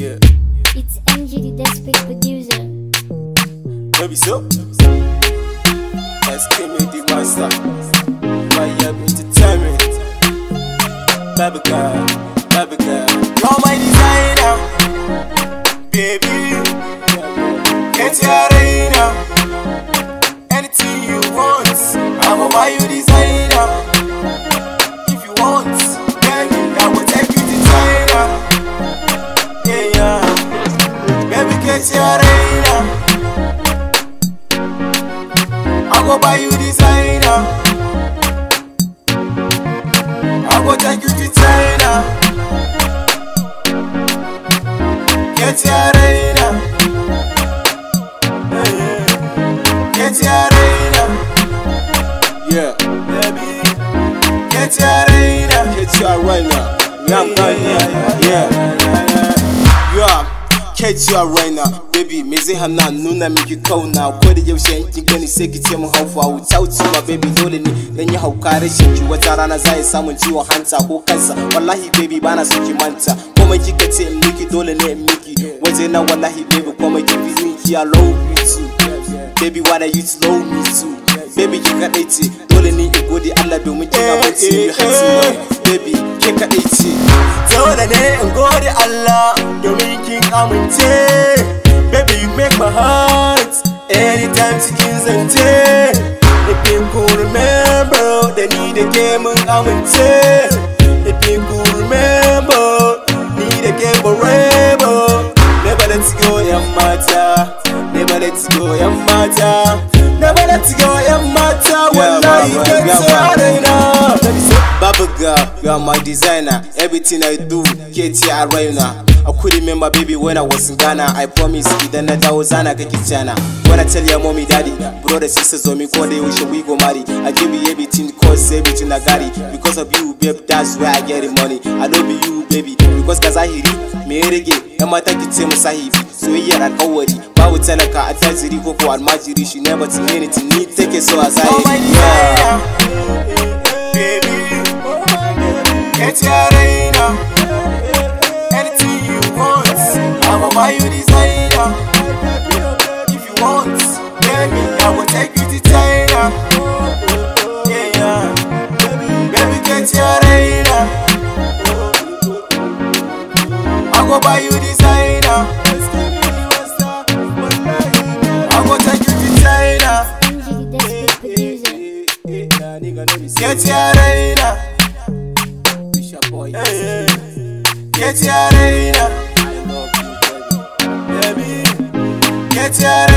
Yeah. It's MG the Desperate Producer. Baby, so? SK me the master. Miami Entertainment. Baby girl, baby girl. designer. I go buy you designer. I go take you to China. Get your radar. Get your radar. Yeah, baby. Get your radar. Get your radar. Yeah, yeah, yeah, yeah. yeah. yeah. yeah. are right now baby me hana nuna miki kauna ko da yaushe in kin gani sai ki ce mun haufa wuta wuta baby dole ne dan yi hauka rashin ki wata rana za ya samun ciwon hanta ko kansa wallahi baby bana so ki manta komai kika ce in miki dole ne in miki waje na wallahi baby komai ki ni ki a low me too baby why you low me too baby ki kadai ce dole ne ki gode Allah domin kina bacci you baby ki kaɗai ce dole ne in gode Allah domin kin amince baby you make my heart anytime cikin zance if you could remember da ni da ke mun amince if you could remember ni da forever never let go yan mata never let go yan mata never let go yan mata wallahi kan tsare na girl, you are my designer. Everything I do, Katie Arena. I could remember baby when I was in Ghana. I promise idan na dawo get you, kitana. When I tell your mommy daddy, brother sisters on me call they wish we go marry. I give you everything cause everything I got it. Because of you, babe, that's where I get the money. I love you, baby, because cause I Kazahiri, me I rege, yan mata ki ce masa hifi. Soyayyar alkawari, babu talaka a go ko ko magic. She never to anything, need take it so as I oh am. Why you desire? If you want, baby, I will take you to China. Yeah, yeah. Baby, get your radar. I go buy you designer. I go take you to China. Get your radar. Get your radar. Yeah.